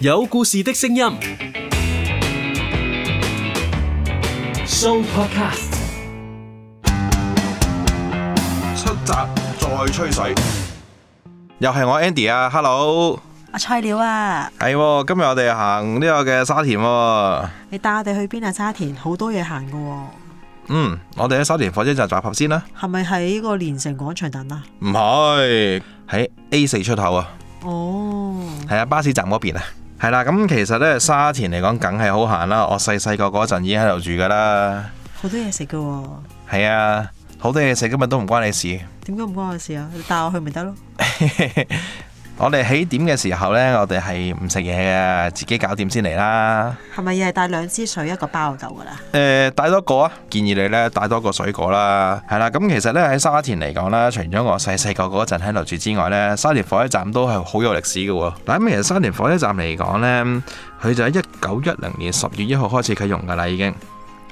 有故事的聲音 Show Podcast，出閘再吹水，又係我 Andy 啊，Hello，阿蔡了啊，係、啊啊哦，今日我哋行呢個嘅沙田，你帶我哋去邊啊？沙田好多嘢行噶，嗯，我哋喺沙田火車站集合先啦，係咪喺個連城廣場等啊？唔係，喺 A 四出口啊，哦，係啊，巴士站嗰邊啊。係啦，咁其實咧沙田嚟講，梗係好行好閑啦。我細細個嗰陣已經喺度住噶啦。好多嘢食噶。係啊，好多嘢食，今日都唔關你事。點解唔關我事啊？你帶我去咪得咯。 我哋起點嘅時候呢，我哋係唔食嘢嘅，自己搞掂先嚟啦。係咪又係帶兩支水一個包就噶啦？誒、呃，帶多個啊！建議你呢帶多個水果啦。係啦，咁其實呢，喺沙田嚟講呢，除咗我細細個嗰陣喺度住之外呢，沙田火車站都係好有歷史嘅喎、哦。但係其實沙田火車站嚟講呢，佢就喺一九一零年十月一號開始啟用噶啦，已經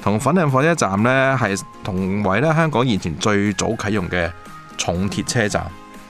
同粉嶺火車站呢係同為呢香港以前最早啟用嘅重鐵車站。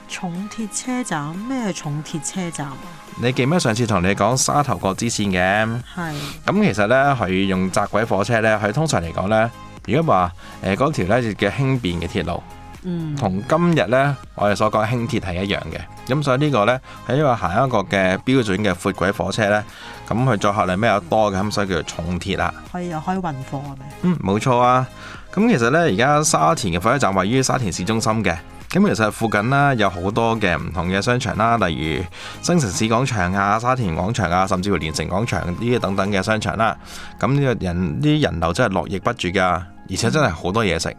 重鐵車站咩，係重鐵車站啊？你記唔記得上次同你講沙頭角支綫嘅？係咁是，其實呢，佢用窄軌火車呢，佢通常嚟講呢，如果話誒嗰條咧叫輕便嘅鐵路，嗯，同今日呢，我哋所講輕鐵係一樣嘅。咁所以呢個呢，係因爲行一個嘅標準嘅闊軌火車呢。咁佢載客量比較多嘅，咁所以叫做重鐵啦。可以又可以運貨啊？咪嗯，冇錯啊。咁其實呢，而家沙田嘅火車站位於沙田市中心嘅。咁其實附近啦有好多嘅唔同嘅商場啦，例如新城市廣場啊、沙田廣場啊，甚至乎連城廣場呢啲等等嘅商場啦。咁呢個人啲人流真係絡繹不絕噶，而且真係好多嘢食。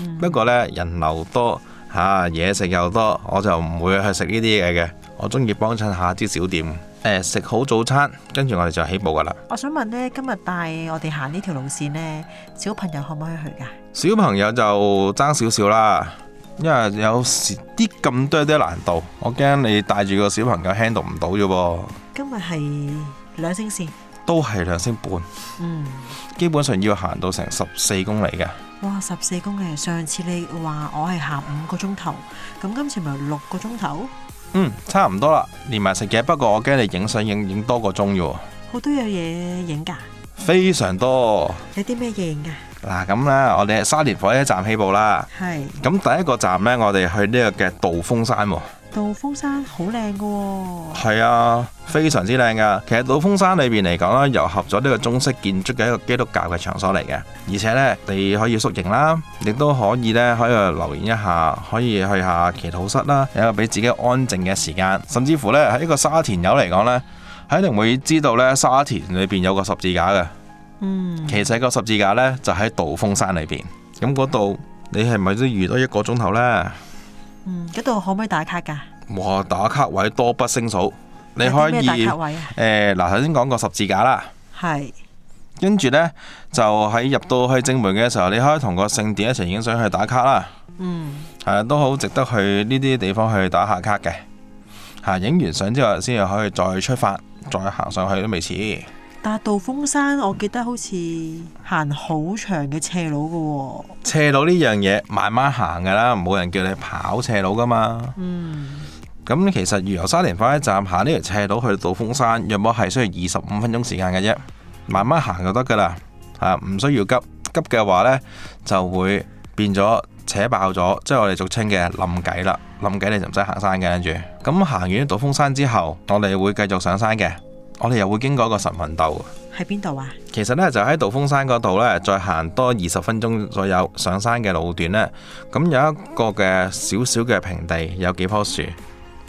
嗯、不過呢，人流多吓，嘢食又多，我就唔會去食呢啲嘢嘅。我中意幫襯下啲小店。誒，食好早餐，跟住我哋就起步噶啦。我想問呢，今日帶我哋行呢條路線呢，小朋友可唔可以去噶？小朋友就爭少少啦。因為有時啲咁多啲難度，我驚你帶住個小朋友 handle 唔到啫噃。今日係兩星線，都係兩星半。嗯，基本上要行到成十四公里嘅。哇，十四公里，上次你話我係行五個鐘頭，咁今次咪六個鐘頭？嗯，差唔多啦，連埋食嘢。不過我驚你影相影影多個鐘啫。好多嘢嘢影噶？非常多。有啲咩嘢影噶？嗱咁咧，我哋沙田火車站起步啦。係是。咁第一個站呢，我哋去呢個嘅道風山喎。道風山好靚嘅喎。係啊，非常之靚噶。其實道風山裏邊嚟講呢，融合咗呢個中式建築嘅一個基督教嘅場所嚟嘅，而且呢，你可以宿營啦，亦都可以呢可以留連一下，可以去下祈禱室啦，有一個俾自己安靜嘅時間。甚至乎呢，喺呢個沙田友嚟講咧，肯定會知道呢，沙田裏邊有個十字架嘅。嗯、其實個十字架呢，就喺道風山裏邊，咁嗰度你係咪都預多一個鐘頭呢？嗰度、嗯、可唔可以打卡噶？打卡位多不勝數，啊、你可以。咩打卡位啊？誒，嗱、呃，頭先講個十字架啦，係是。跟住呢，就喺入到去正門嘅時候，你可以同個聖殿一齊影相去打卡啦。嗯。誒、啊，都好值得去呢啲地方去打下卡嘅。吓、啊，影完相之後，先可以再出發，再行上去都未遲。但係道風山，我記得好似行好長嘅斜路㗎喎。斜路呢樣嘢慢慢行㗎啦，冇人叫你跑斜路㗎嘛。嗯。咁其實如由沙田花一站行呢條斜路去道風山，若果係需要二十五分鐘時間嘅啫，慢慢行就得㗎啦。啊，唔需要急，急嘅話呢就會變咗扯爆咗，即係我哋俗稱嘅冧偈啦。冧偈你就唔使行山嘅，跟住咁行完道風山之後，我哋會繼續上山嘅。我哋又會經過一個晨運竇，喺邊度啊？其實呢，就喺道風山嗰度呢，再行多二十分鐘左右上山嘅路段呢。咁有一個嘅少少嘅平地，有幾棵樹，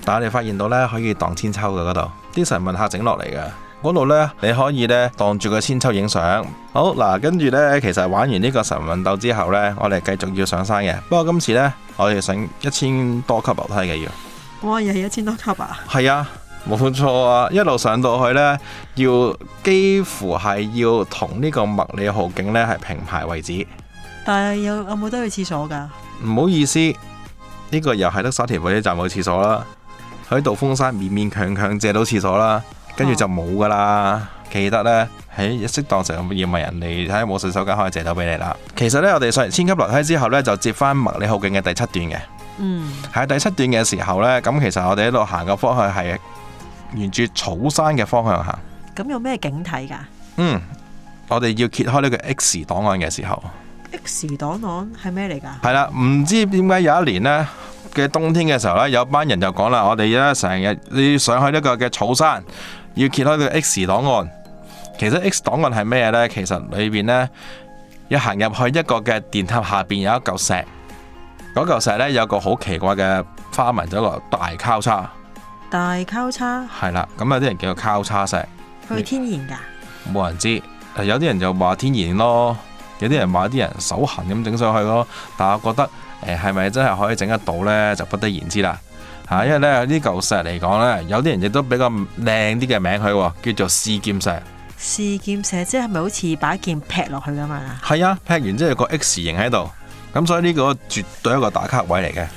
但係我哋發現到呢，可以盪千秋嘅嗰度，啲晨運客整落嚟嘅嗰度呢，你可以呢，盪住個千秋影相。好嗱，跟住呢，其實玩完呢個晨運竇之後呢，我哋繼續要上山嘅。不過今次呢，我哋上一千多級樓梯嘅要。哇，又係一千多級啊！係啊。冇錯啊！一路上到去呢，要幾乎係要同呢個麥理浩徑呢係平排位置。但係有有冇得去廁所㗎？唔好意思，呢、這個又係得沙田火車站冇廁所啦。喺道風山勉勉強強借到廁所啦，跟住就冇㗎啦。哦、記得呢，喺、哎、適當時候要問人哋睇下有冇洗手間可以借到俾你啦。其實呢，我哋上完千級樓梯之後呢，就接返麥理浩徑嘅第七段嘅。嗯，喺第七段嘅時候呢，咁其實我哋喺度行嘅方向係。沿住草山嘅方向行，咁有咩景睇噶？嗯，我哋要揭開呢個 X 檔案嘅時候，X 檔案係咩嚟噶？係啦，唔知點解有一年呢嘅冬天嘅時候咧，有班人就講啦，我哋咧成日你要上去呢個嘅草山，要揭開呢個 X 檔案。其實 X 檔案係咩呢？其實裏邊呢，一行入去一個嘅電塔下邊有一嚿石，嗰嚿石呢，有個好奇怪嘅花紋，就一個大交叉。大交叉係啦，咁有啲人叫做交叉石，係天然噶，冇人知。有啲人就話天然咯，有啲人話啲人手痕咁整上去咯。但係我覺得，誒、呃，係咪真係可以整得到呢？就不得而知啦。吓、啊，因為咧呢嚿石嚟講呢，這有啲人亦都比較靚啲嘅名佢，叫做試劍石。試劍石即係咪好似把劍劈落去咁樣啊？係啊，劈完之後有個 X 形喺度，咁所以呢個絕對係一個打卡位嚟嘅。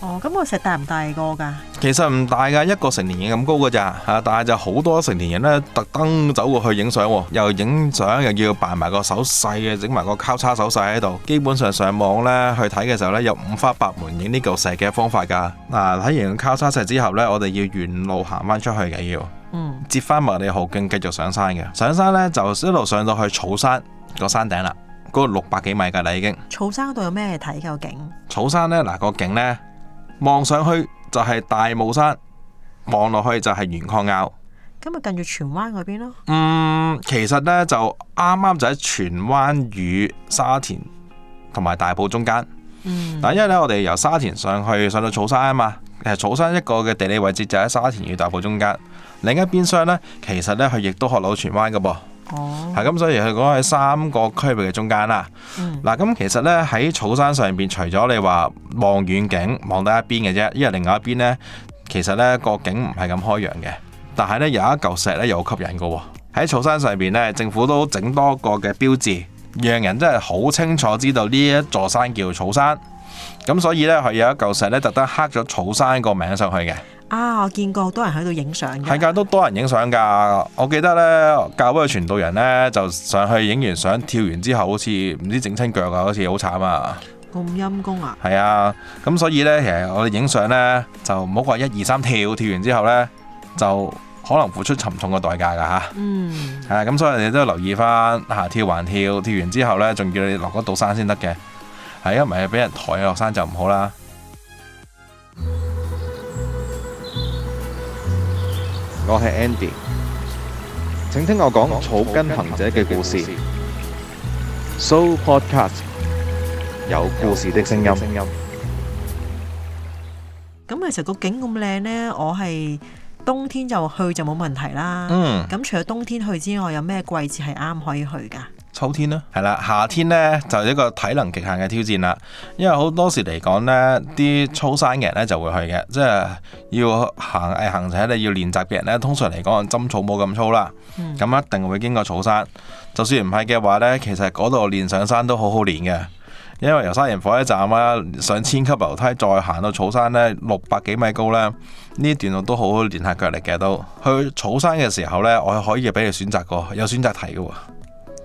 哦，咁個石大唔大個㗎？其實唔大㗎，一個成年人咁高㗎咋嚇，但係就好多成年人咧特登走過去影相、啊，又影相，又要扮埋個手勢嘅，整埋個交叉手勢喺度。基本上上網咧去睇嘅時候咧，有五花八門影呢嚿石嘅方法㗎。嗱、啊，睇完交叉石之後咧，我哋要沿路行翻出去嘅，要嗯，要接翻麥理浩徑繼續上山嘅。上山咧就一路上到去草山個山頂啦，嗰、個六百幾米㗎啦已經。草山嗰度有咩睇嘅？個景？草山咧嗱，啊個景咧。望上去就係大霧山，望落去就係鉛礦坳。咁啊，近住荃灣嗰邊咯。嗯，其實呢就啱啱就喺荃灣與沙田同埋大埔中間。嗯，但因為呢，我哋由沙田上去上到草山啊嘛，其實草山一個嘅地理位置就喺沙田與大埔中間，另一邊上呢，其實呢，佢亦都學到荃灣㗎噃。哦，吓咁， 所以佢講喺三個區域嘅中間啦。嗱、嗯，咁其實呢，喺草山上邊，除咗你話望遠景，望到一邊嘅啫，因為另外一邊呢，其實呢個景唔係咁開揚嘅。但係呢，有一嚿石呢，又好吸引嘅喎。喺草山上邊呢，政府都整多個嘅標誌，讓人真係好清楚知道呢一座山叫草山。咁所以呢，佢有一嚿石呢，特登刻咗草山個名上去嘅。啊！我見過好多人喺度影相嘅，係噶都多人影相噶。我記得呢，教嗰個傳道人呢，就上去影完相，跳完之後好似唔知整親腳啊，好似好，好慘啊。咁陰功啊！係啊，咁所以呢，其實我哋影相呢，就唔好話一二三跳，跳完之後呢，就可能付出沉重嘅代價嘅吓，嗯，係啊，咁所以你都要留意翻嚇，跳還跳，跳完之後呢，仲要你落嗰度山先得嘅，係啊，唔係俾人抬你落山就唔好啦。嗯。我係 Andy，請聽我講草根行者嘅故事。So Podcast，有故事的聲音。咁其實個景咁靚呢，我係冬天就去就冇問題啦。嗯，咁除咗冬天去之外，有咩季節係啱可以去㗎？秋天啦，係啦，夏天呢，就係一個體能極限嘅挑戰啦。因為好多時嚟講呢，啲粗山嘅人呢就會去嘅，即係要行誒，行程你要練習嘅人呢。通常嚟講，針草冇咁粗啦，咁一定會經過草山。就算唔係嘅話呢，其實嗰度練上山都好好練嘅，因為由山人火車站啊，上千級樓梯，再行到草山呢，六百幾米高呢，呢段路都好好練下腳力嘅都。去草山嘅時候呢，我可以俾你選擇，過有選擇題嘅。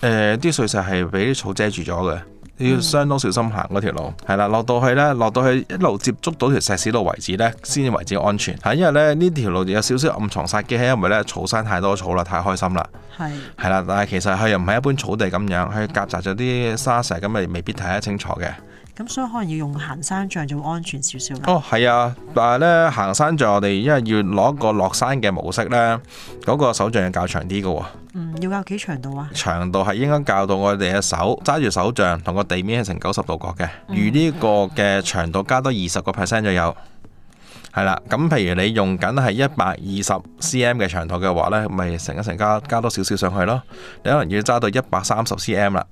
誒啲、呃、碎石係俾啲草遮住咗嘅，要相當小心行嗰條路。係啦、嗯，落到去呢，落到去一路接觸到條石屎路為止呢，先至、嗯、為之安全。係因為呢條路有少少暗藏殺機，因為呢，因為呢草山太多草啦，太開心啦。係啦是，但係其實佢又唔係一般草地咁樣，佢夾雜咗啲沙石，咁咪未必睇得清楚嘅。咁所以可能要用行山杖就會安全少少哦，係啊，但係咧行山杖我哋因為要攞個落山嘅模式咧，嗰、那個手杖要較長啲嘅喎。嗯，要較幾長度啊？長度係應該較到我哋嘅手揸住手杖同個地面係成九十度角嘅，如呢個嘅長度加多二十個 percent 左右。係啦、啊，咁譬如你用緊係一百二十 cm 嘅長度嘅話咧，咪成一成加加多少少上去咯。你可能要揸到一百三十 cm 啦。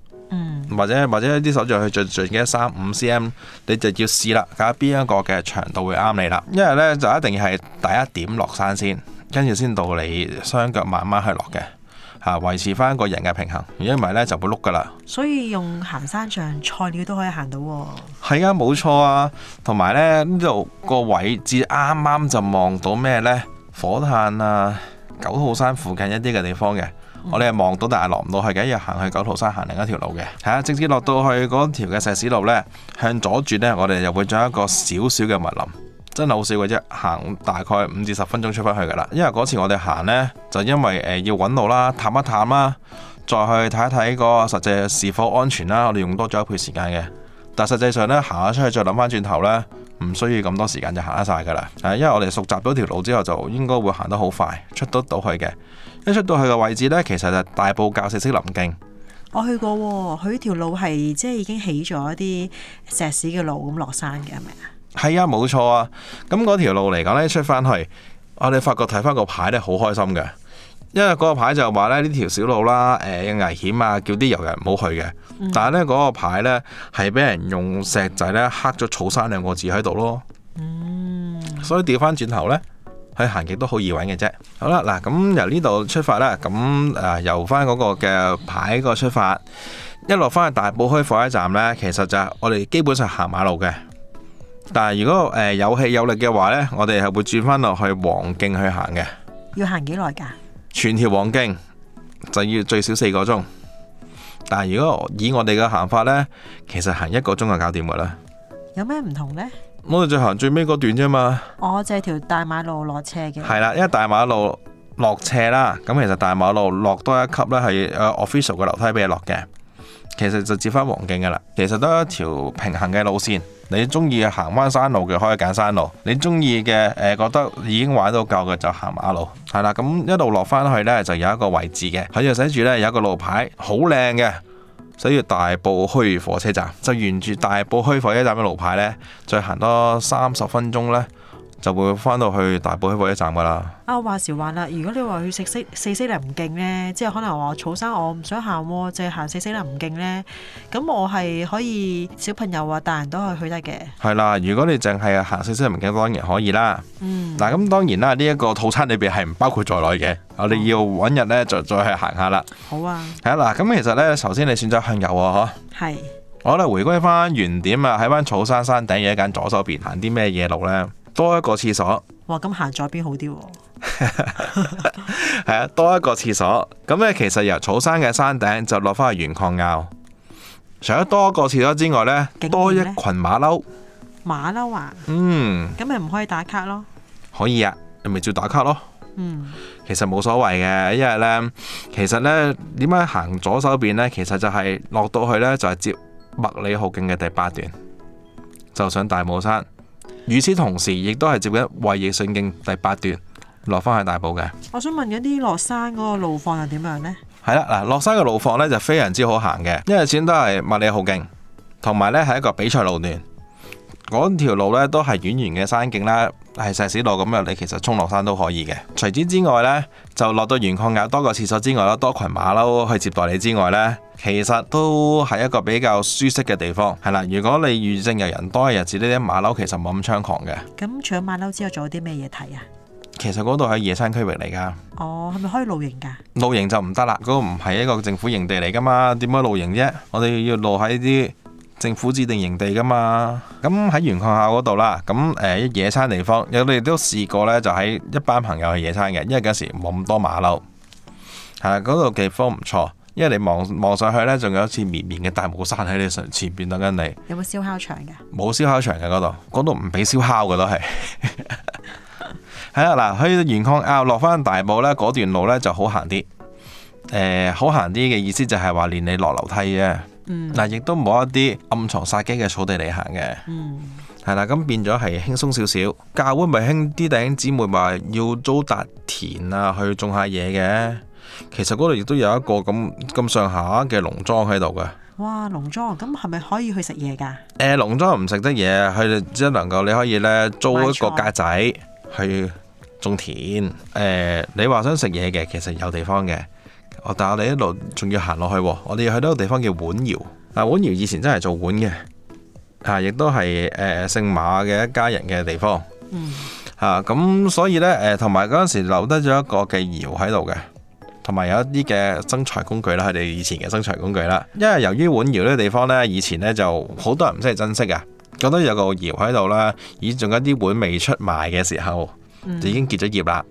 或者或者一啲手杖去著著幾多三五 cm，你就要試啦，睇下邊一個嘅長度會啱你啦。因為呢就一定要係第一點落山先，跟住先到你雙腳慢慢去落嘅嚇，維持返個人嘅平衡。如果唔係咧就會碌㗎啦。所以用行山杖菜鳥都可以行到喎、哦。係啊，冇錯啊。同埋咧呢度個位置啱啱就望到咩呢？火炭啊，九號山附近一啲嘅地方嘅。我哋係望到大下下，但係落唔到去嘅。一日行去九圖山，行另一條路嘅，嚇、啊，直接落到去嗰條嘅石屎路呢，向左轉呢，我哋又會將一個少少嘅密林，真係好少嘅啫。行大概五至十分鐘出返去㗎啦。因為嗰次我哋行呢，就因為、呃、要揾路啦、探一探啦，再去睇一睇個實際是否安全啦。我哋用多咗一倍時間嘅，但實際上呢，行咗出去，再諗返轉頭呢。唔需要咁多時間就行得晒噶啦，啊，因為我哋熟習咗條路之後，就應該會行得好快，出得到去嘅。一出到去嘅位置呢，其實就大埔滘石屎林徑，我去過，哦，佢條路係即係已經起咗一啲石屎嘅路咁落山嘅係咪啊？係啊，冇錯啊。咁嗰條路嚟講呢，出翻去，我哋發覺睇翻個牌呢，好開心嘅。因為嗰個牌就話咧呢條小路啦，誒、呃、危險啊，叫啲遊人唔好去嘅。嗯、但係咧嗰個牌咧係俾人用石仔咧刻咗“草山”兩個字喺度咯。嗯，所以調翻轉頭咧去行極都好易揾嘅啫。好啦，嗱，咁由呢度出發啦，咁啊由翻嗰個嘅牌個出發，一落翻去大埔墟火車站咧，其實就係我哋基本上行馬路嘅。但係如果誒、呃、有氣有力嘅話咧，我哋係會轉翻落去黃徑去行嘅。要行幾耐噶？全條黃徑就要最少四個鐘，但係如果以我哋嘅行法呢，其實行一個鐘就搞掂噶啦。有咩唔同呢？我哋就行最尾嗰段啫嘛。我就係條大馬路落斜嘅。係啦，因為大馬路落斜啦，咁其實大馬路落多一級呢，係 official 嘅樓梯俾你落嘅，其實就接返黃徑噶啦，其實都有一條平行嘅路線。你中意行翻山路嘅，可以揀山路；你中意嘅，誒覺得已經玩到夠嘅，就行馬路。係啦，咁一路落翻去呢，就有一個位置嘅，喺度寫住呢，有一個路牌，好靚嘅，寫住大埔墟火車站。就沿住大埔墟火車站嘅路牌呢，再行多三十分鐘咧。就會翻到去大埔墟火車站噶啦。啊，話時話啦，如果你話去食四四零唔勁呢，即係可能話草山我不、啊，我唔想行，淨係行四四零唔勁呢。咁我係可以小朋友啊，大人都係去得嘅。係啦，如果你淨係行四四零唔勁，當然可以啦。嗯、啊。嗱，咁當然啦，呢、這、一個套餐裏邊係唔包括在內嘅。我哋要揾日呢，就再去行下啦。好啊，對啦。係啊，嗱，咁其實呢，首先你選擇向右啊，嗬是。係。我哋回歸翻原點啊，喺番草山山頂嘅一間左手邊行啲咩嘢路呢？多一個廁所，哇，咁行左邊好啲，係啊，多一個廁所。咁咧，其實由草山嘅山頂就落返去原礦坳。除咗多一個廁所之外呢，呢多一群馬騮。馬騮啊？嗯。咁咪唔可以打卡咯？可以啊，你咪照打卡咯。嗯，其實冇所謂嘅，因為呢，其實呢，點解行左手邊呢？其實就係落到去呢，就係接麥理浩徑嘅第八段，就上大帽山。與此同時，亦都係接緊衛奕信徑第八段落返去大埔嘅。我想問一啲落山嗰個路況又點樣呢？係啦，嗱，落山嘅路況咧就非常之好行嘅，因為始終都係麥理浩徑，同埋咧係一個比賽路段。嗰條路咧都係遠遠嘅山景啦，係石屎路咁入、嗯、你其實沖落山都可以嘅。除此之外呢，就落到原礦鴨多個廁所之外咯，多群馬騮去接待你之外呢，其實都係一個比較舒適嘅地方。係啦，如果你遇正遊人多嘅日子，呢啲馬騮其實冇咁猖狂嘅。咁除咗馬騮之外，仲有啲咩嘢睇啊？其實嗰度係野山區域嚟噶。哦，係咪可以露營㗎？露營就唔得啦，嗰、嗰個唔係一個政府營地嚟㗎嘛，點樣露營啫？我哋要露喺啲。政府指定營地噶嘛？咁喺鉛礦坳嗰度啦，咁誒、呃、野餐地方，我哋都試過呢，就喺一班朋友去野餐嘅，因為嗰時冇咁多馬騮，嗰度地方唔錯，因為你望望上去呢，仲有一次綿綿嘅大帽山喺你前前邊等緊你。有冇燒烤場嘅？冇燒烤場嘅，嗰度，嗰度唔俾燒烤嘅都係。係 啦、 啊，嗱，喺鉛礦坳啊落返大埔呢，嗰段路呢就好行啲、呃。好行啲嘅意思就係話連你落樓梯啫。嗱，亦都冇一啲暗藏殺機嘅草地嚟行嘅，係啦、嗯，咁變咗係輕鬆少少。教會咪興啲弟兄姊妹話要租笪田啊，去種下嘢嘅。其實嗰度亦都有一個咁咁上下嘅農莊喺度嘅。哇，農莊咁係咪可以去食嘢㗎？誒、呃，農莊唔食得嘢，佢哋只能夠你可以咧租一個格仔去種田。誒錯、呃，你話想食嘢嘅，其實有地方嘅。但我哋一路仲要行落去，哦，我哋要去到個地方叫碗窑。啊，碗窑以前真係做碗嘅，啊、呃，亦都係誒姓馬嘅一家人嘅地方。嗯。咁、啊、所以咧，誒，同埋嗰陣時留低咗一個嘅窑喺度嘅，同埋有一啲嘅生產工具啦，佢哋以前嘅生產工具啦。因為由於碗窑呢個地方咧，以前咧就好多人唔識去珍惜啊，覺得有個窑喺度啦，而仲有啲碗未出賣嘅時候，就已經結咗業啦。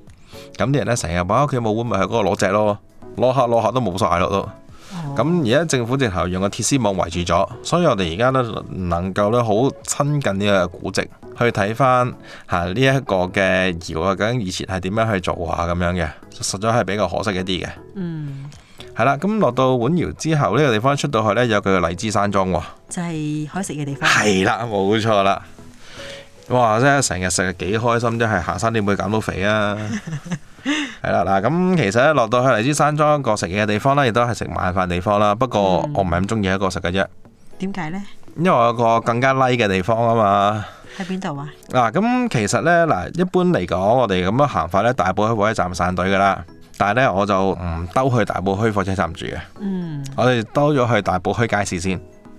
咁啲、嗯、人咧成日話屋企冇碗咪去嗰度攞隻咯。落下落下,下都冇晒咯都，咁而家政府直頭用個鐵絲網圍住咗，所以我哋而家咧能夠呢好親近呢個古蹟，去睇翻吓呢一個嘅窑啊，究竟以前係點樣去做下？咁樣嘅，實在係比較可惜一啲嘅。嗯、mm.，係啦，咁落到碗窑之後呢、這個地方出到去呢，有佢嘅荔枝山莊喎，就係海食嘅地方。係啦，冇錯啦，哇！真係成日食啊，幾開心！真係行山點會減到肥啊？ 係啦，嗱，咁其實咧落到去荔枝山莊個食嘢嘅地方咧，亦都係食晚飯地方啦。不過我唔係咁中意一個食嘅啫。點解咧？為呢因為我有一個更加低、like、嘅地方啊嘛。喺邊度啊？嗱、啊，咁其實咧嗱，一般嚟講，我哋咁樣行法咧，大埔墟火車站散隊噶啦。但係咧，我就唔兜去大埔墟火車站住嘅。嗯。我哋兜咗去大埔墟街市先。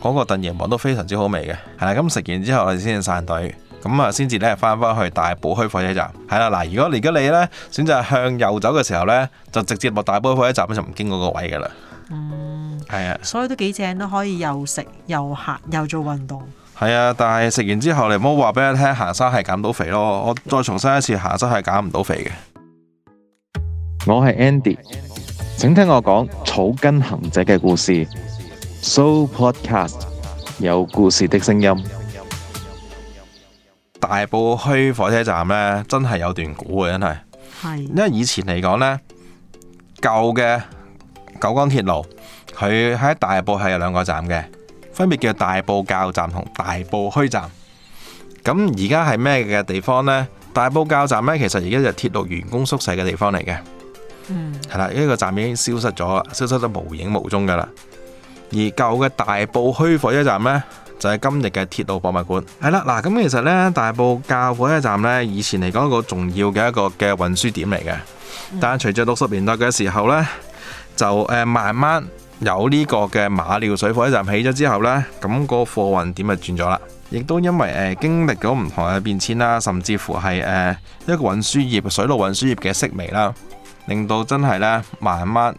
嗰個燉羊王都非常之好味嘅，係啦。咁食完之後我哋先至散隊，咁啊先至咧翻返去大埔墟火車站。係啦，嗱，如果而家你咧選擇向右走嘅時候咧，就直接落大埔墟火車站就唔經過個位噶啦。嗯，係啊的，所以都幾正，都可以又食又行又做運動。係啊，但係食完之後你唔好話俾我聽，行山係減到肥咯。我再重申一次，行山係減唔到肥嘅。我係 Andy，And 請聽我講草根行者嘅故事。So Podcast 有故事的聲音。大埔墟火車站呢，真係有段古，真係。因為以前嚟講呢，舊嘅九廣鐵路，佢喺大埔係有兩個站嘅，分別叫大埔滘站同大埔墟站。咁而家係咩嘅地方呢？大埔滘站呢，其實而家就鐵路員工宿舍嘅地方嚟嘅。嗯。係啦，呢個站已經消失咗啦，消失得無影無蹤噶啦。而舊嘅大埔墟火車站呢，就係今日嘅鐵路博物館。係啦，嗱咁其實呢，大埔滘火車站呢，以前嚟講一個重要嘅一個嘅運輸點嚟嘅。但係隨住六十年代嘅時候呢，就誒慢慢有呢個嘅馬料水火車站起咗之後呢，咁、那個貨運點就轉咗啦。亦都因為誒、呃、經歷咗唔同嘅變遷啦，甚至乎係誒、呃、一個運輸業、水路運輸業嘅式微啦，令到真係呢慢慢。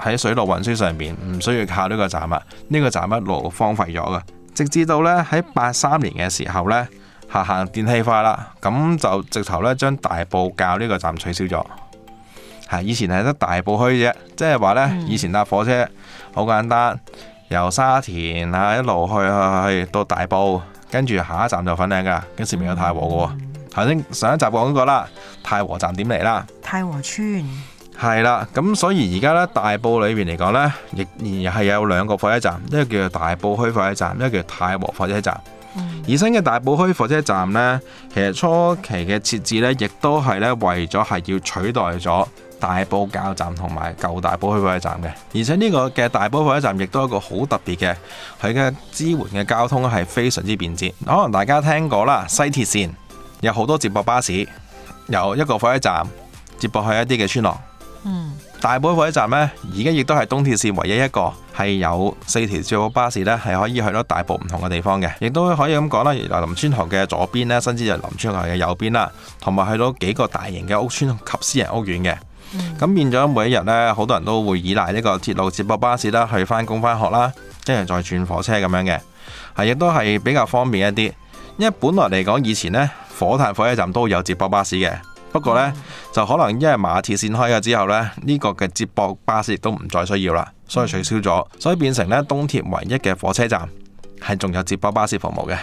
喺水路運輸上邊唔需要靠呢個站啊，呢、這個站一路荒廢咗噶，直至到呢，喺八三年嘅時候呢，下行電氣化啦，咁就直頭呢，將大埔滘呢個站取消咗，係以前係得大埔墟啫，即係話呢，嗯、以前搭火車好簡單，由沙田吓一路去去去到大埔，跟住下一站就粉嶺噶，跟時未有太和噶喎，頭先、嗯、上一集講過啦，和太和站點嚟啦，太和村。係啦，咁所以而家呢，大埔裏面嚟講呢，亦然係有兩個火車站，一個叫做大埔墟火車站，一個叫做太和火車站。嗯、而新嘅大埔墟火車站呢，其實初期嘅設置呢，亦都係呢，為咗係要取代咗大埔滘站同埋舊大埔墟火車站嘅。而且呢個嘅大埔火車站亦都有一個好特別嘅，佢嘅支援嘅交通係非常之便捷。可能大家聽過啦，西鐵線有好多接駁巴士，有一個火車站接駁去一啲嘅村落。大埔火車站呢，而家亦都係東鐵線唯一一個係有四條接駁巴士呢，係可以去到大埔唔同嘅地方嘅，亦都可以咁講啦。原來林村河嘅左邊呢，甚至就係林村河嘅右邊啦，同埋去到幾個大型嘅屋村及私人屋苑嘅。咁變咗每一日呢，好多人都會依賴呢個鐵路接駁巴士啦，去返工返學啦，跟住再轉火車咁樣嘅，係亦都係比較方便一啲。因為本來嚟講以前呢，火炭火車站都有接駁巴士嘅。不過呢，就可能因為馬鐵線開咗之後呢，呢個嘅接駁巴士亦都唔再需要啦，所以取消咗，所以變成呢東鐵唯一嘅火車站係仲有接駁巴士服務嘅。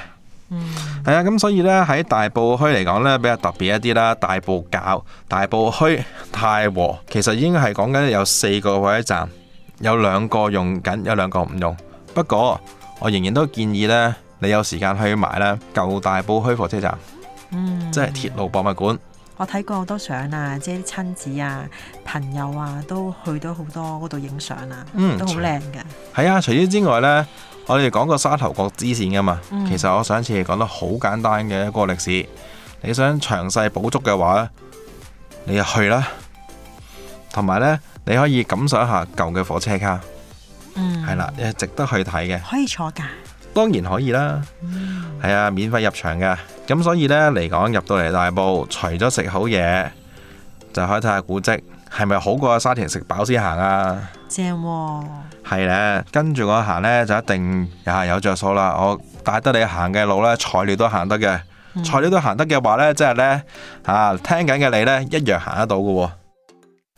嗯，係啊，咁所以在呢，喺大埔墟嚟講呢，比較特別一啲啦。大埔滘、大埔墟、太和其實已經係講緊有四個火車站，有兩個用緊，有兩個唔用。不過我仍然都建議呢，你有時間去買呢舊大埔墟火車站，嗯，即係鐵路博物館。我睇過好多相啊，即係親子啊、朋友啊，都去到好多嗰度影相啊，嗯、都好靚噶。係啊，除此之外呢，我哋講個沙頭角支線噶嘛，嗯、其實我上次講得好簡單嘅一個歷史。你想詳細補足嘅話，你就去啦。同埋呢，你可以感受一下舊嘅火車卡。嗯。係啦，值得去睇嘅。可以坐噶。當然可以啦。嗯。係啊，免費入場噶。咁所以呢，嚟講入到嚟大埔，除咗食好嘢，就可以睇下古蹟，係咪好過喺沙田食飽先行啊？正喎、哦，係咧，跟住我行呢，就一定也係有着數啦。我帶得你行嘅路呢，菜鳥都行得嘅，菜鳥、嗯、都行得嘅話呢，即係呢，吓、啊、聽緊嘅你呢一樣行得到嘅。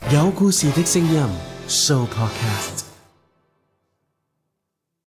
有故事的聲音 show podcast。